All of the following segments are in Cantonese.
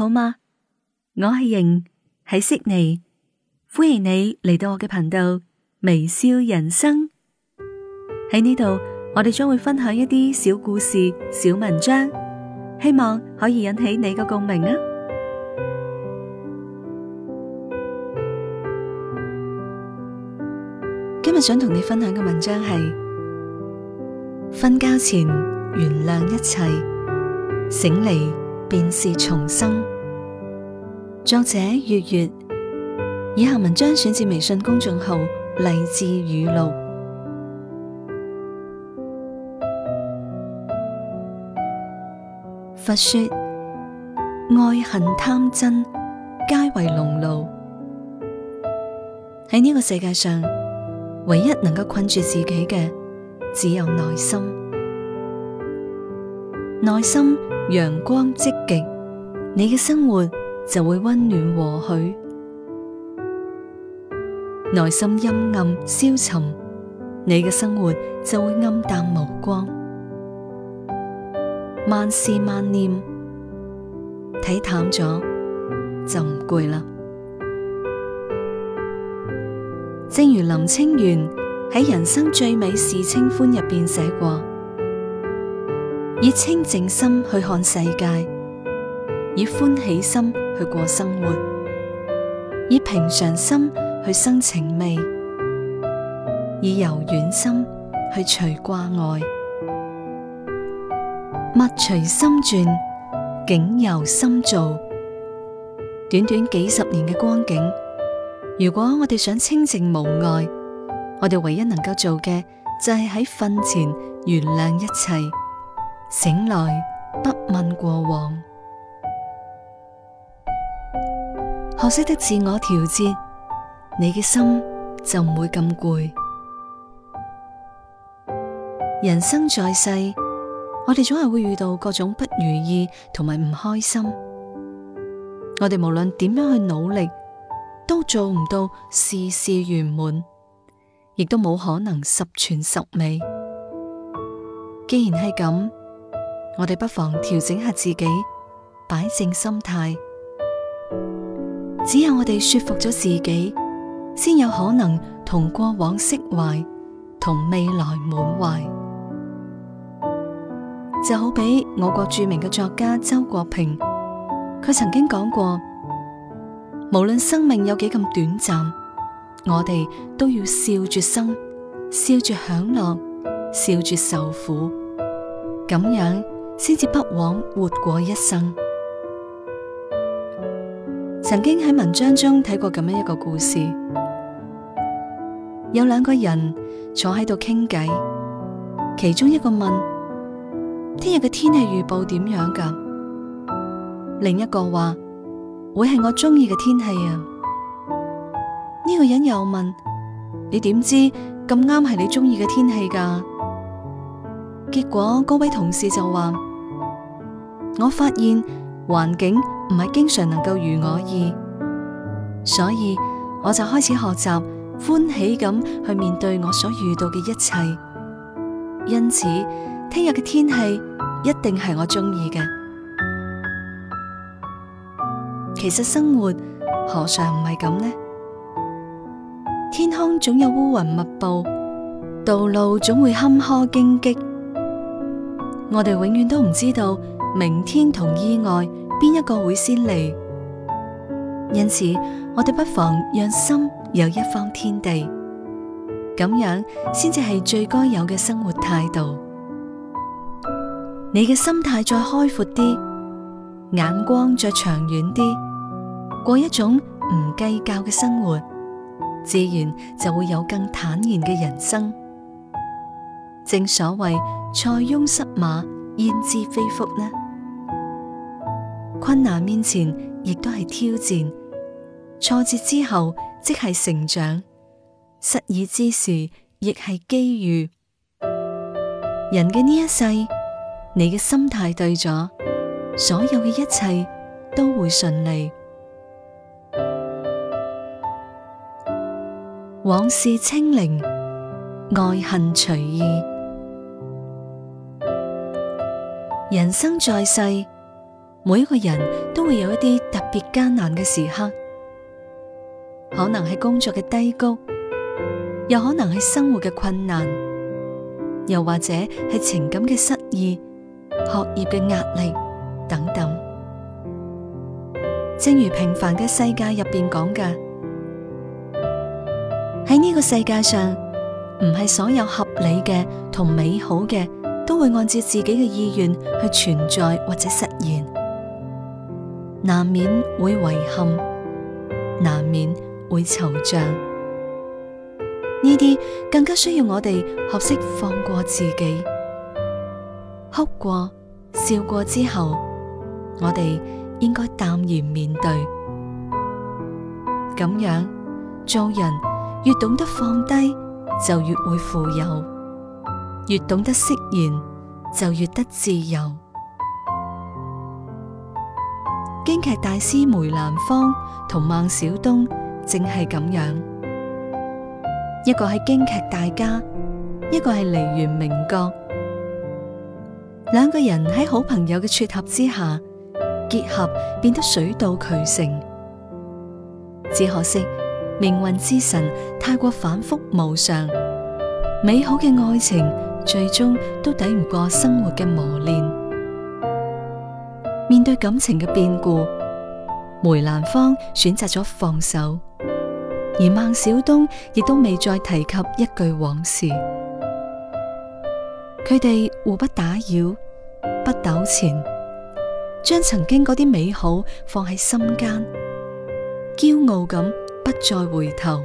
好嗎？我係瑩，喺悉尼，歡迎你嚟到我嘅頻道微笑人生。喺呢度，我哋將會分享一啲小故事、小文章，希望可以引起你個共鳴啊！今日想同你分享嘅文章係：瞓覺前原諒一切，醒嚟便是重生。作者月月，以下文章選自微信公眾號勵志語錄。佛說：愛恨貪嗔皆為龍路。喺呢個世界上，唯一能夠困住自己嘅，只有內心。內心陽光積極，你嘅生活。就會溫暖和煦，內心陰暗消沉，你嘅生活就會暗淡無光。萬事萬念睇淡咗就唔攰啦。正如林清玄喺《人生最美是清歡》入邊寫過：以清淨心去看世界，以歡喜心。去過生活，以平常心去生情味，以柔軟心去除掛礙，物隨心轉，境由心造。短短幾十年嘅光景，如果我哋想清淨無礙，我哋唯一能夠做嘅就係喺瞓前原諒一切，醒來不問過往。學識的自我調節，你嘅心就唔會咁攰。人生在世，我哋總係會遇到各種不如意同埋唔開心。我哋無論點樣去努力，都做唔到事事圓滿，亦都冇可能十全十美。既然係咁，我哋不妨調整下自己，擺正心態。只有我哋說服咗自己，先有可能同過往釋懷，同未來滿懷。就好比我國著名嘅作家周國平，佢曾經講過：無論生命有幾咁短暫，我哋都要笑住生，笑住享樂，笑住受苦，咁樣先至不枉活過一生。曾經喺文章中睇過咁樣一個故事，有兩個人坐喺度傾偈，其中一個問：聽日嘅天氣預報點樣噶？另一個話：會係我中意嘅天氣啊！呢個人又問：你點知咁啱係你中意嘅天氣噶？結果嗰位同事就話：我發現環境。唔係經常能夠如我意，所以我就開始學習歡喜咁去面對我所遇到嘅一切。因此，聽日嘅天氣一定係我中意嘅。其實生活何嘗唔係咁呢？天空總有烏雲密布，道路總會坎坷荊棘，我哋永遠都唔知道明天同意外，邊一個會先嚟？因此，我哋不妨讓心有一方天地，咁樣先至係最該有嘅生活態度。你嘅心態再開闊啲，眼光再長遠啲，過一種唔計較嘅生活，自然就會有更坦然嘅人生。正所謂塞翁失馬，焉知非福呢？困難面前亦都係挑戰，挫折之後即係成長，失意之時亦係機遇。人嘅呢一世，你嘅心態對咗，所有嘅一切都會順利。往事清零，愛恨隨意，人生在世。每一個人都會有一啲特別艱難嘅時刻，可能係工作嘅低谷，又可能係生活嘅困難，又或者係情感嘅失意、學業嘅壓力等等。正如《平凡的世界》入面講嘅，喺呢個世界上，唔係所有合理嘅同美好嘅都會按照自己嘅意願去存在或者實現。難免會遺憾，難免會惆悵，呢啲更加需要我哋學識放過自己。哭過、笑過之後，我哋應該淡然面對。咁樣做人，越懂得放低，就越會富有；越懂得釋然，就越得自由。京劇大師梅蘭芳同孟小冬正係咁樣，一個係京劇大家，一個係梨園名角，兩個人喺好朋友嘅撮合之下結合，變得水到渠成。只可惜命運之神太過反覆無常，美好嘅愛情最終都抵唔過生活嘅磨練。面對感情嘅變故，梅蘭芳選擇咗放手，而孟小冬亦都未再提及一句往事。佢哋互不打擾，不糾纏，將曾經嗰啲美好放喺心間，驕傲咁不再回頭，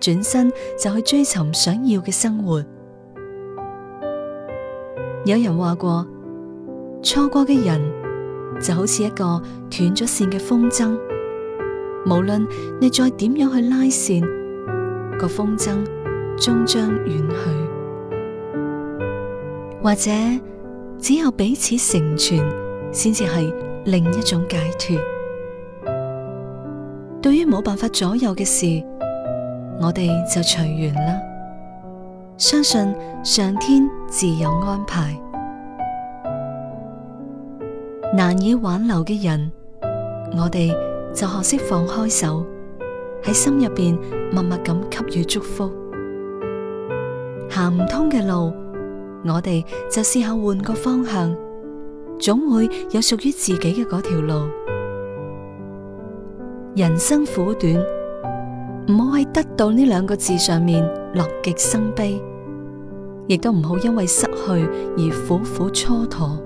轉身就去追尋想要嘅生活。有人話過，錯過嘅人。就好似一個斷咗線嘅風箏，無論你再點樣去拉線，個風箏終將遠去。或者只有彼此成全，先至係另一種解脫。對於冇辦法左右嘅事，我哋就隨緣啦。相信上天自有安排。難以挽留嘅人，我哋就學識放開手，喺心入邊默默咁給予祝福。行唔通嘅路，我哋就試下換個方向，總會有屬於自己嘅嗰條路。人生苦短，唔好喺得到呢兩個字上面樂極生悲，亦都唔好因為失去而苦苦蹉跎。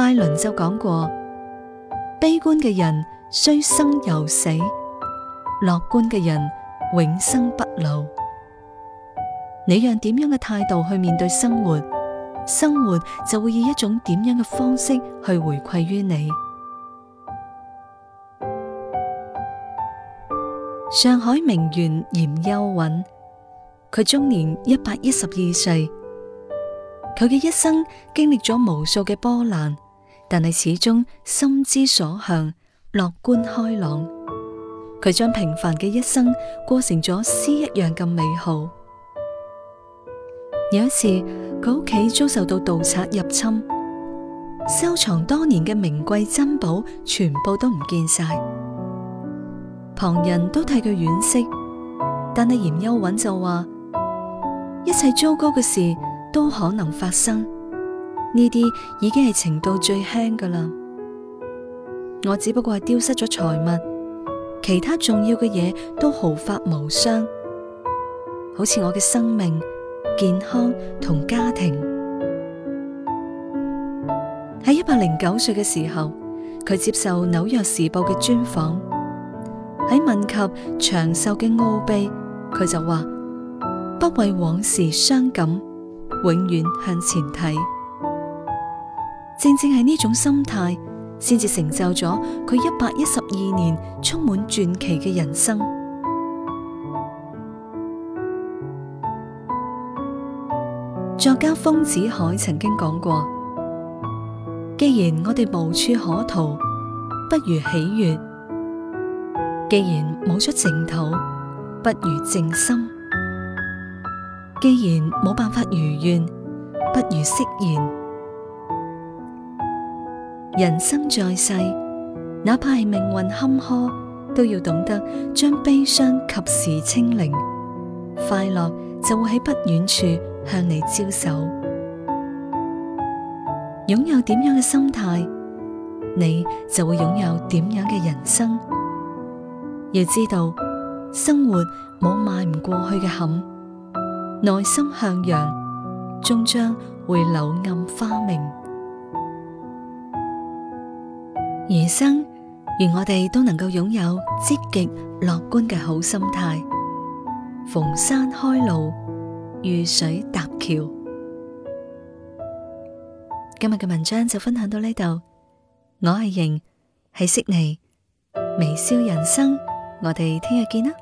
拜倫就講過：悲觀嘅人雖生猶死，樂觀嘅人永生不老。你用點樣嘅態度去面對生活，生活就會以一種點樣嘅方式去回饋於你。上海名媛嚴幼韻，佢終年一百一十二歲，佢嘅一生經歷咗無數嘅波瀾。但係始終心之所向，樂觀開朗。佢將平凡嘅一生過成咗詩一樣咁美好。有一次，佢屋企遭受到盜賊入侵，收藏多年嘅名貴珍寶全部都唔見晒。旁人都替佢惋惜，但係嚴幼韻就話：一切糟糕嘅事都可能發生。呢啲已經係程度最輕㗎喇，我只不過係丟失咗財物，其他重要嘅嘢都毫髮無傷，好似我嘅生命、健康同家庭。喺一百零九歲嘅時候，佢接受《紐約時報》嘅專訪，喺問及長壽嘅奧秘，佢就話：不為往事傷感，永遠向前睇。正正係呢種心態，先至成就咗佢一百一十二年充滿傳奇嘅人生。作家豐子愷曾經講過：既然我哋無處可逃，不如喜悅；既然冇出淨土，不如靜心；既然冇辦法如願，不如釋然。人生在世，哪怕係命運坎坷，都要懂得將悲傷及時清零，快樂就會喺不遠處向你招手。擁有點樣嘅心態，你就會擁有點樣嘅人生。要知道，生活冇邁唔過去嘅坎，內心向陽，終將會柳暗花明。餘生，願我哋都能夠擁有積極樂觀嘅好心態，逢山開路，遇水搭橋。今日嘅文章就分享到呢度，我係盈，係悉尼微笑人生，我哋聽日見啦。